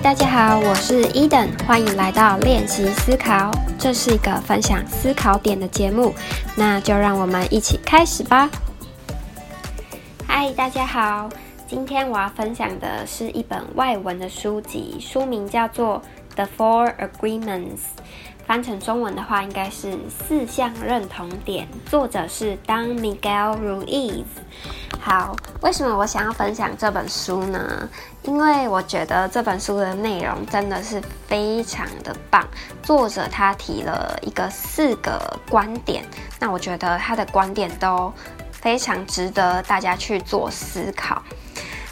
大家好，我是 Eden，歡迎來到練習思考。這是一個分享思考點的節目，那就讓我們一起開始吧。嗨，大家好，今天我要分享的是一本外文的書籍，書名叫做《The Four Agreements》。翻成中文的話，應該是四項認同點。作者是 Don Miguel Ruiz。好，為什麼我想要分享這本書呢？因為我覺得這本書的內容真的是非常的棒。作者他提了一個四個觀點，那我覺得他的觀點都非常值得大家去做思考。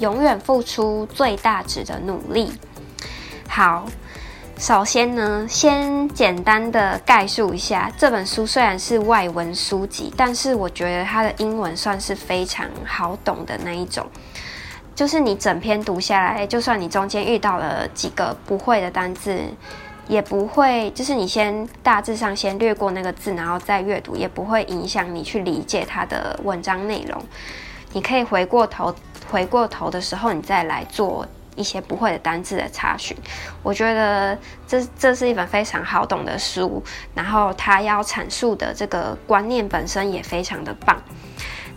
永遠付出最大值的努力。好，首先呢，先簡單的概述一下這本書。雖然是外文書籍，但是我覺得它的英文算是非常好懂的那一種。就是你整篇讀下來，就算你中間遇到了幾個不會的單字，也不會，就是你先大致上先略過那個字，然後再閱讀，也不會影響你去理解它的文章內容。你可以回過頭。回過頭的時候，你再來做一些不會的單字的查詢。我覺得這這是一本非常好懂的書，然後他要闡述的這個觀念本身也非常的棒。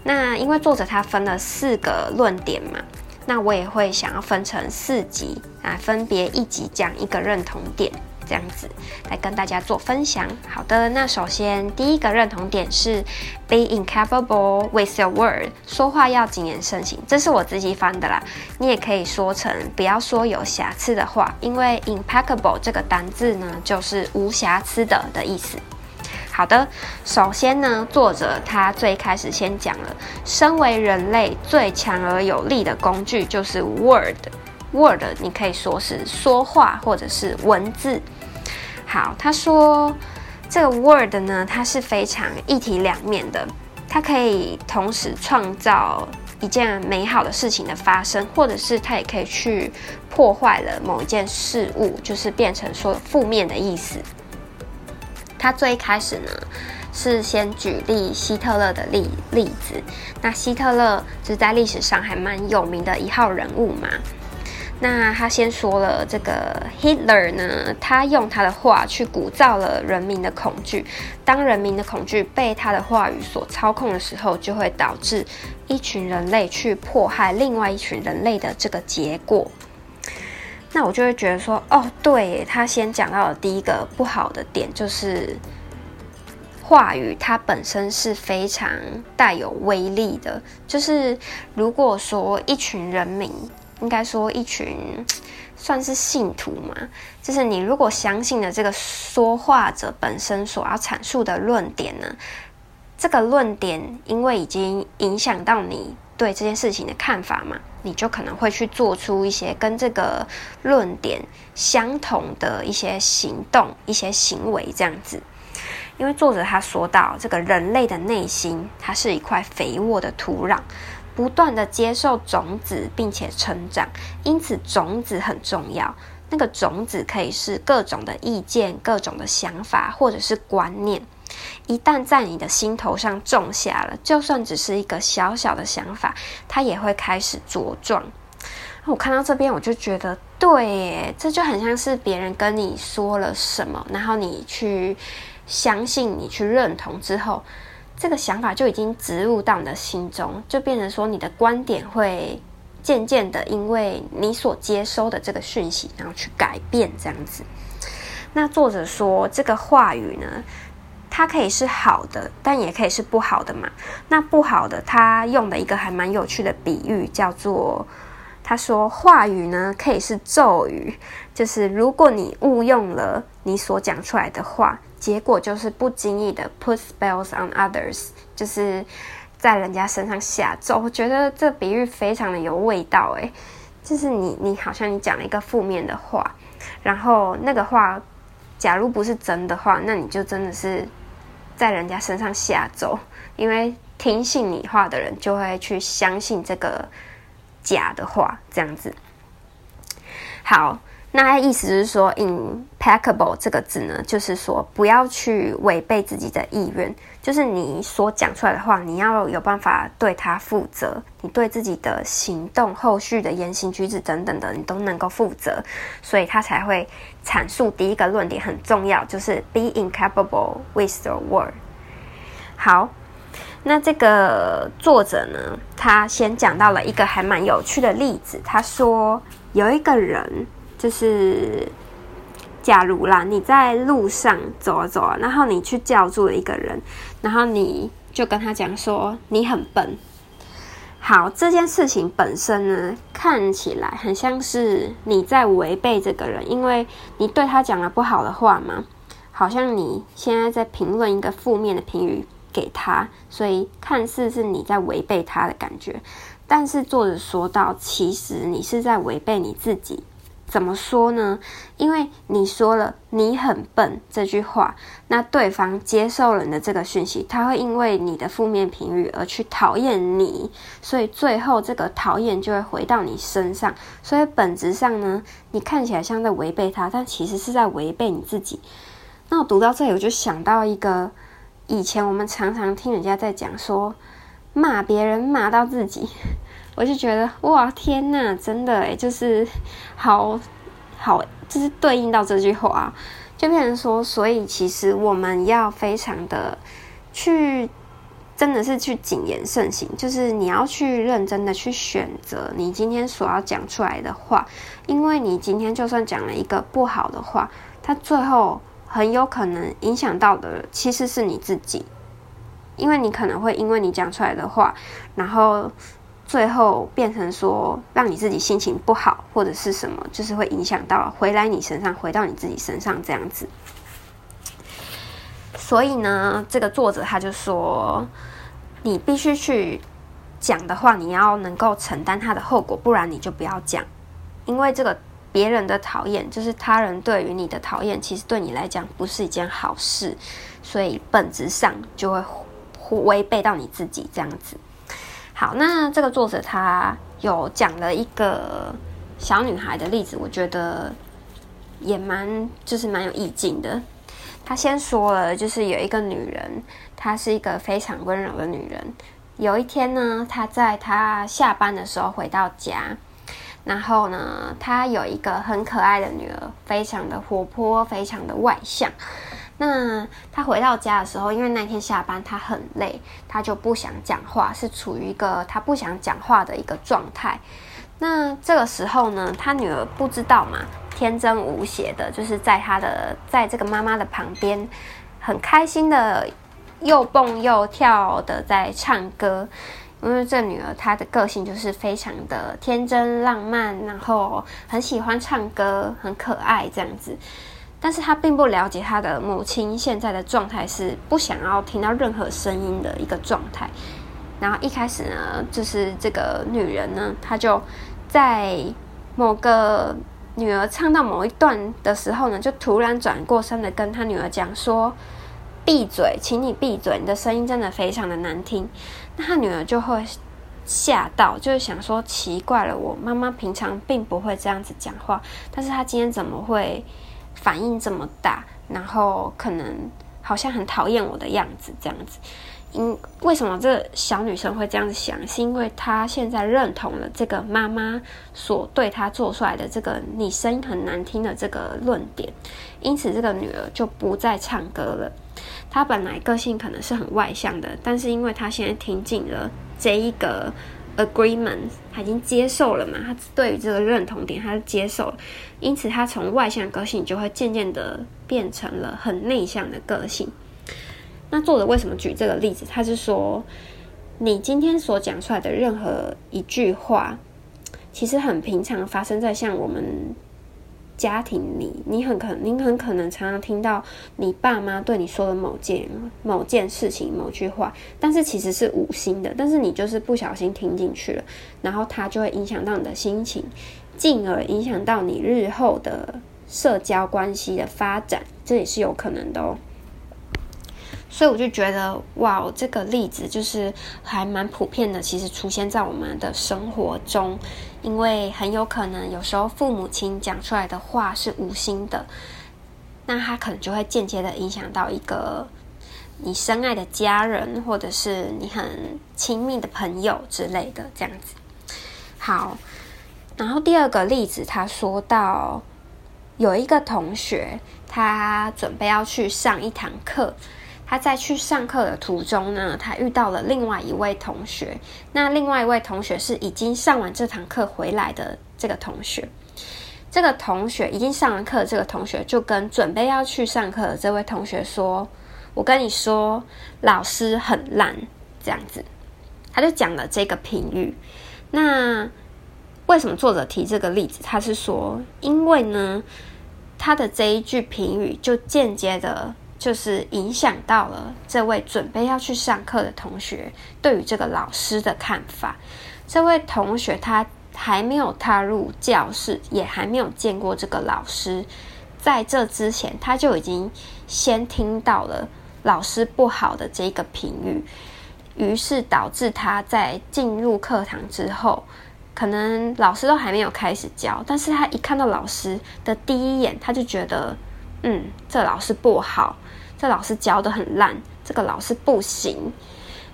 那因為作者他分了四個論點嘛，那我也會想要分成四集啊，分別一集講一個認同點。這樣子來跟大家做分享。好的，那首先第一個認同點是 be impeccable with your word，說話要謹言慎行。這是我自己翻的啦，你也可以說成不要說有瑕疵的話，因為 impeccable 這個單字呢，就是無瑕疵的的意思。好的，首先呢，作者他最開始先講了，身為人類最強而有力的工具就是 word。Word，你可以說是說話或者是文字。好，他說這個 Word 呢，它是非常一體兩面的，它可以同時創造一件美好的事情的發生，或者是它也可以去破壞了某一件事物，就是變成說負面的意思。他最開始呢，是先舉例希特勒的例例子。那希特勒就是在歷史上還蠻有名的一號人物嘛。那他先說了這個 Hitler 呢，他用他的話去鼓噪了人民的恐懼。當人民的恐懼被他的話語所操控的時候，就會導致一群人類去迫害另外一群人類的這個結果。那我就會覺得說，哦，對，他先講到的第一個不好的點就是話語，它本身是非常帶有威力的。就是如果說一群人民，應該說，一群算是信徒嘛，就是你如果相信了這個說話者本身所要闡述的論點呢，這個論點因為已經影響到你對這件事情的看法嘛，你就可能會去做出一些跟這個論點相同的一些行動、一些行為這樣子。因為作者他說到，這個人類的內心它是一塊肥沃的土壤。不斷的接受種子，並且成長，因此種子很重要。那個種子可以是各種的意見、各種的想法，或者是觀念。一旦在你的心頭上種下了，就算只是一個小小的想法，它也會開始茁壯。我看到這邊，我就覺得對，這就很像是別人跟你說了什麼，然後你去相信、你去認同之後。這個想法就已經植入到你的心中，就變成說你的觀點會漸漸的，因為你所接收的這個訊息，然後去改變這樣子。那作者說，這個話語呢，它可以是好的，但也可以是不好的嘛。那不好的，他用的一個還蠻有趣的比喻，叫做他說話語呢，可以是咒語，就是如果你誤用了你所講出來的話。結果就是不經意的 put spells on others，就是在人家身上下咒，我覺得這比喻非常的有味道誒、欸，就是你你好像你講了一個負面的話，然後那個話假如不是真的話，那你就真的是在人家身上下咒，因為聽信你話的人就會去相信這個假的話，這樣子。好。那意思是說，impeccable 這個字呢，就是說不要去違背自己的意願，就是你所講出來的話，你要有辦法對他負責，你對自己的行動、後續的言行舉止等等的，你都能夠負責，所以他才會闡述第一個論點很重要，就是 be impeccable with the word。好，那這個作者呢，他先講到了一個還蠻有趣的例子，他說有一個人。就是，假如啦，你在路上走啊走啊，然後你去叫住了一個人，然後你就跟他講說你很笨。好，這件事情本身呢，看起來很像是你在違背這個人，因為你對他講了不好的話嘛，好像你現在在評論一個負面的評語給他，所以看似是你在違背他的感覺。但是作者說到，其實你是在違背你自己。怎麼說呢？因為你說了“你很笨”這句話，那對方接受了你的這個訊息，他會因為你的負面評語而去討厭你，所以最後這個討厭就會回到你身上。所以本質上呢，你看起來像在違背他，但其實是在違背你自己。那我讀到這裡，我就想到一個，以前我們常常聽人家在講說，罵別人罵到自己。我就覺得哇，天吶，真的誒。就是好，好，就是對應到這句話啊，就變成說，所以其實我們要非常的去，真的是去謹言慎行，就是你要去認真的去選擇你今天所要講出來的話，因為你今天就算講了一個不好的話，它最後很有可能影響到的其實是你自己，因為你可能會因為你講出來的話，然後。最後變成說，讓你自己心情不好，或者是什麼，就是會影響到回來你身上，回到你自己身上這樣子。所以呢，這個作者他就說，你必須去講的話，你要能夠承擔他的後果，不然你就不要講。因為這個別人的討厭，就是他人對於你的討厭，其實對你來講不是一件好事，所以本質上就會違背到你自己這樣子。好，那這個作者他有講了一個小女孩的例子，我覺得也蠻就是蠻有意境的。他先說了，就是有一個女人，她是一個非常溫柔的女人。有一天呢，她在她下班的時候回到家，然後呢，她有一個很可愛的女兒，非常的活潑，非常的外向。那他回到家的時候，因為那天下班他很累，他就不想講話，是處於一個他不想講話的一個狀態。那這個時候呢，他女兒不知道嘛，天真無邪的，就是在他的在這個媽媽的旁邊，很開心的又蹦又跳的在唱歌。因為這女兒她的個性就是非常的天真浪漫，然後很喜歡唱歌，很可愛這樣子。但是她並不了解她的母親現在的狀態是不想要聽到任何聲音的一個狀態。然後一開始呢，就是這個女人呢，她就在某個女兒唱到某一段的時候呢，就突然轉過身來跟她女兒講說：“閉嘴，請你閉嘴，你的聲音真的非常的難聽。”那她女兒就會嚇到，就是想說：“奇怪了，我媽媽平常並不會這樣子講話，但是她今天怎麼會？”反應這麼大，然後可能好像很討厭我的樣子這樣子。因為什麼這小女生會這樣子想？是因為她現在認同了這個媽媽所對她做出來的這個“你聲音很難聽”的這個論點，因此這個女兒就不再唱歌了。她本來個性可能是很外向的，但是因為她現在聽進了這一個。Agreement，他已經接受了嘛。他對於這個認同點，他是接受了，因此他從外向的個性就會漸漸的變成了很內向的個性。那作者為什麼舉這個例子？他是說，你今天所講出來的任何一句話，其實很平常，發生在像我們。家庭裡，你很可，你很可能常常聽到你爸媽對你說的某件某件事情、某句話，但是其實是無心的，但是你就是不小心聽進去了，然後它就會影響到你的心情，進而影響到你日後的社交關係的發展，這也是有可能的哦。所以我就覺得，哇，這個例子就是還蠻普遍的，其實出現在我們的生活中，因為很有可能有時候父母親講出來的話是無心的，那他可能就會間接的影響到一個你深愛的家人，或者是你很親密的朋友之類的這樣子。好，然後第二個例子，他說到有一個同學，他準備要去上一堂課。他在去上課的途中呢，他遇到了另外一位同學。那另外一位同學是已經上完這堂課回來的這個同學。這個同學已經上完課，這個同學就跟準備要去上課的這位同學說：“我跟你說，老師很爛。”這樣子，他就講了這個評語。那為什麼作者提這個例子？他是說，因為呢，他的這一句評語就間接的。就是影響到了這位準備要去上課的同學對於這個老師的看法。這位同學他還沒有踏入教室，也還沒有見過這個老師，在這之前他就已經先聽到了老師不好的這個評語，於是導致他在進入課堂之後，可能老師都還沒有開始教，但是他一看到老師的第一眼，他就覺得。嗯，這老師不好，這老師教的很爛，這個老師不行，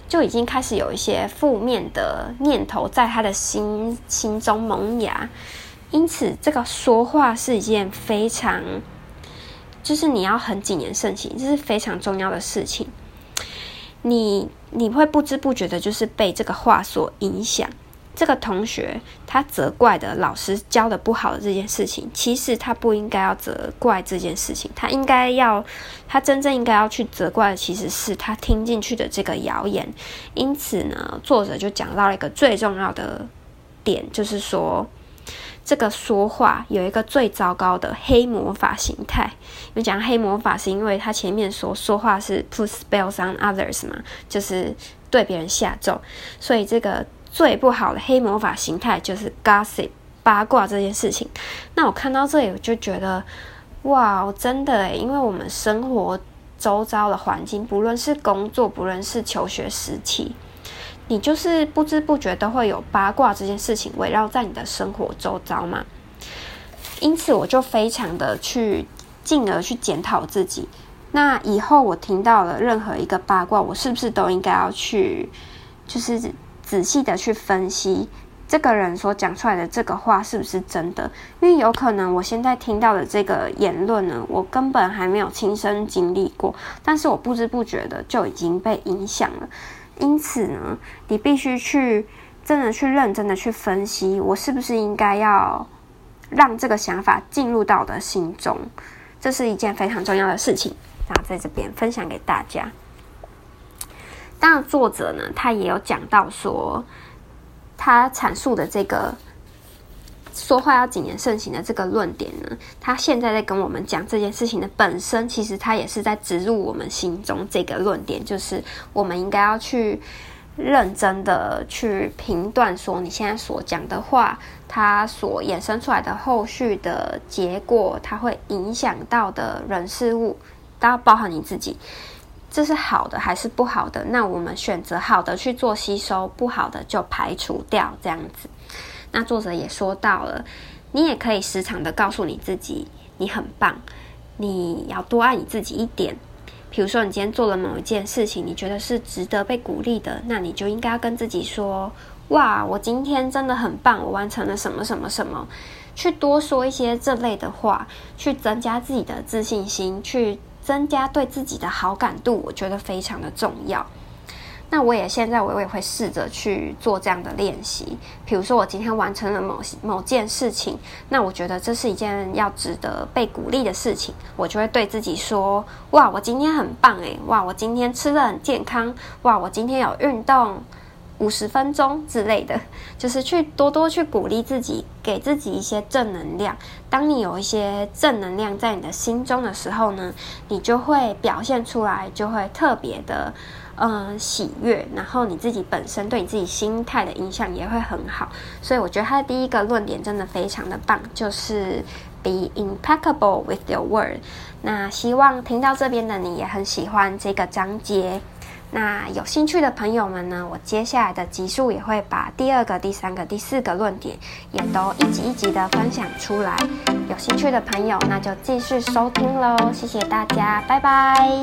就已經開始有一些負面的念頭在他的心心中萌芽。因此，這個說話是一件非常，就是你要很謹言慎行，這是非常重要的事情。你你會不知不覺的，就是被這個話所影響。這個同學他責怪的老師教的不好的這件事情，其實他不應該要責怪這件事情，他應該要，他真正應該要去責怪的其實是他聽進去的這個謠言。因此呢，作者就講到了一個最重要的點，就是說這個說話有一個最糟糕的黑魔法形態。因為講黑魔法是因為他前面說說話是 put spells on others 嘛，就是對別人下咒，所以這個。最不好的黑魔法形態就是 gossip 八卦，這件事情。那我看到這裡，我就覺得，哇，真的誒，因為我們生活周遭的環境，不論是工作，不論是求學時期，你就是不知不覺都會有八卦這件事情圍繞在你的生活周遭嘛。因此，我就非常的去進而去檢討自己。那以後我聽到了任何一個八卦，我是不是都應該要去，就是。仔細的去分析這個人所講出來的這個話是不是真的，因為有可能我現在聽到的這個言論呢，我根本還沒有親身經歷過，但是我不知不覺的就已經被影響了。因此呢，你必須去真的去認真的去分析，我是不是應該要讓這個想法進入到我的心中，這是一件非常重要的事情。那在這邊分享給大家。當然，作者呢，他也有講到說，他闡述的這個說話要謹言慎行的這個論點呢，他現在在跟我們講這件事情的本身，其實他也是在植入我們心中這個論點，就是我們應該要去認真的去評斷，說你現在所講的話，它所衍生出來的後續的結果，它會影響到的人事物，都要包含你自己。這是好的還是不好的？那我們選擇好的去做吸收，不好的就排除掉。這樣子，那作者也說到了，你也可以時常的告訴你自己，你很棒，你要多愛你自己一點。比如說，你今天做了某一件事情，你覺得是值得被鼓勵的，那你就應該跟自己說：“哇，我今天真的很棒，我完成了什麼什麼什麼。”去多說一些這類的話，去增加自己的自信心，去。增加對自己的好感度，我覺得非常的重要。那我也現在，我也會試着去做這樣的練習。比如說，我今天完成了某某件事情，那我覺得這是一件要值得被鼓勵的事情，我就會對自己說：“哇，我今天很棒誒！哇，我今天吃得很健康！哇，我今天有運動。”五十分鐘之類的，就是去多多去鼓勵自己，給自己一些正能量。當你有一些正能量在你的心中的時候呢，你就會表現出來，就會特別的，嗯、呃，喜悅。然後你自己本身對你自己心態的影響也會很好。所以我覺得他的第一個論點真的非常的棒，就是 be impeccable with your word。那希望聽到這邊的你也很喜歡這個章節。那有興趣的朋友們呢，我接下來的集數也會把第二個、第三個、第四個論點也都一集一集的分享出來。有興趣的朋友，那就繼續收聽嘍。謝謝大家，拜拜。